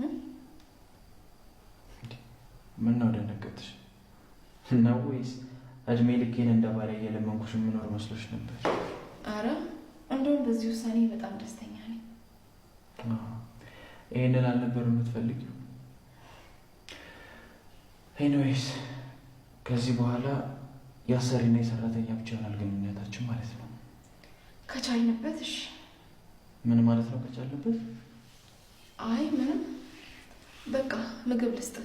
ነው ደነገጥሽ? ነው ወይስ እድሜ ልኬን እንደ ባሪያ እየለመንኩሽ የምኖር መስሎች ነበር? አረ እንደውም በዚህ ውሳኔ በጣም ደስተኛ ነኝ። ይህንን አልነበር የምትፈልጊው? ኤኒዌይስ ከዚህ በኋላ የአሰሪና የሰራተኛ ብቻ ይሆናል ግንኙነታችን ማለት ነው። ከቻልንበት። እሺ ምን ማለት ነው ከቻልንበት? አይ ምንም በቃ ምግብ ልስጥ።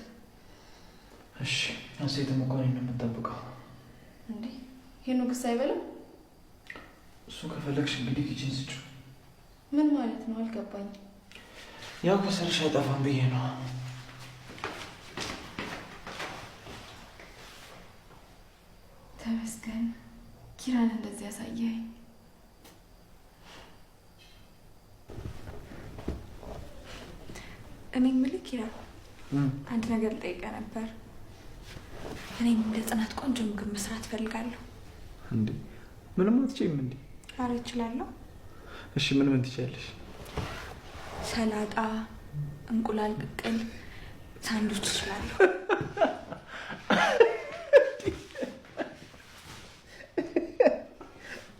እሺ እሴትም እኮ ነው የምጠብቀው። እንዴ ሄኖክስ አይበለም። እሱ ከፈለግሽ እንግዲህ ኪችን ስጩ። ምን ማለት ነው አልገባኝ። ያው ከሰርሽ አይጠፋም ብዬ ነው። ተመስገን ኪራን እንደዚህ ያሳየኝ። እኔ ምልክ ይላል አንድ ነገር ልጠይቀህ ነበር። እኔም እንደ ጽናት ቆንጆ ምግብ መስራት ፈልጋለሁ። እንዴ ምንም አትችይም እንዴ? አረ እችላለሁ። እሺ ምን ምን ትችያለሽ? ሰላጣ፣ እንቁላል ቅቅል፣ ሳንዱች እችላለሁ።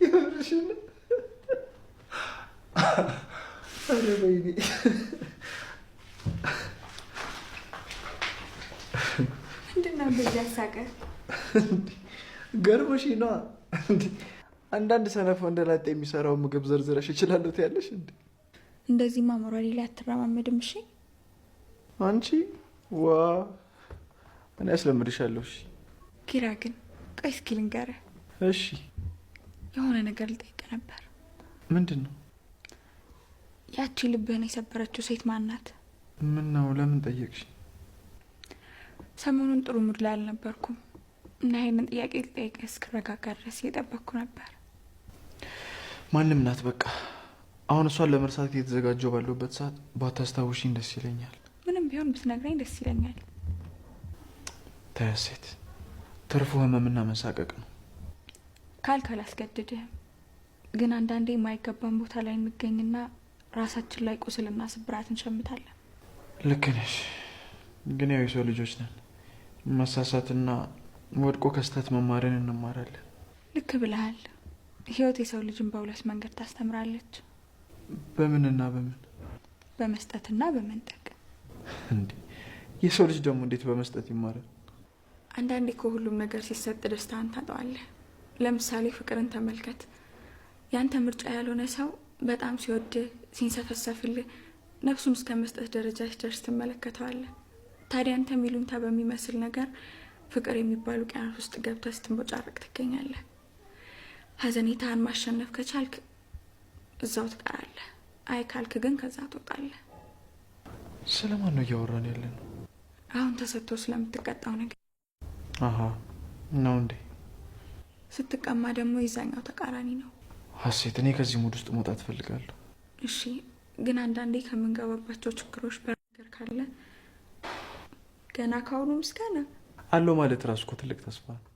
ይኸውልሽ አረ ወይኔ ገርሞሽ ነዋ። አንዳንድ ሰነፍ የሚሰራው ምግብ ዘርዝረሽ እችላለሁ ያለሽ እንዴ? እንደዚህ ማምሯ ሌላ አትረማመድም። እሺ አንቺ ዋ እኔ ያስለምድሻለሁ። እሺ ኪራ ግን ቆይ እስኪ ልንገርህ። እሺ የሆነ ነገር ልጠይቅ ነበር። ምንድን ነው? ያቺ ልብህን የሰበረችው ሴት ማን ለምን ጠየቅሽ? ሰሞኑን ጥሩ ሙድ ላይ አልነበርኩም እና ይህንን ጥያቄ ልጠይቅ እስክረጋጋ ድረስ እየጠበቅኩ ነበር። ማንም ናት በቃ አሁን እሷን ለመርሳት እየተዘጋጀሁ ባለበት ሰዓት ባታስታውሽኝ ደስ ይለኛል። ምንም ቢሆን ብትነግረኝ ደስ ይለኛል። ተያሴት ትርፉ ህመምና መሳቀቅ ነው። ካልክ አላስገድድህም፣ ግን አንዳንዴ የማይገባን ቦታ ላይ እንገኝና ራሳችን ላይ ቁስልና ስብራት እንሸምታለን። ልክ ነሽ፣ ግን ያው የሰው ልጆች ነን። መሳሳትና ወድቆ ከስተት መማርን እንማራለን። ልክ ብለሃል። ህይወት የሰው ልጅን በሁለት መንገድ ታስተምራለች። በምንና በምን? በመስጠትና በመንጠቅ። እንዴ የሰው ልጅ ደግሞ እንዴት በመስጠት ይማራል? አንዳንዴ ከሁሉም ሁሉም ነገር ሲሰጥ ደስታን ታጠዋለህ። ለምሳሌ ፍቅርን ተመልከት። ያንተ ምርጫ ያልሆነ ሰው በጣም ሲወድህ ሲንሰፈሰፍልህ ነፍሱን እስከ መስጠት ደረጃ ሲደርስ ትመለከተዋለህ። ታዲያ አንተ ሚሉኝታ በሚመስል ነገር ፍቅር የሚባሉ ቅያኖት ውስጥ ገብተህ ስትንቦጫረቅ ትገኛለህ። ሀዘኔታህን ማሸነፍ ከቻልክ እዛው ትቀራለህ። አይ ካልክ ግን ከዛ ትወጣለህ። ስለማን ነው እያወራን ያለ ነው? አሁን ተሰጥቶ ስለምትቀጣው ነገር አሀ ነው እንዴ? ስትቀማ ደግሞ የዛኛው ተቃራኒ ነው። ሀሴት፣ እኔ ከዚህ ሙድ ውስጥ መውጣት እፈልጋለሁ። እሺ፣ ግን አንዳንዴ ከምንገባባቸው ችግሮች በረገር ካለ ገና ከአሁኑ ምስጋና አለው ማለት ራሱ እኮ ትልቅ ተስፋ ነው።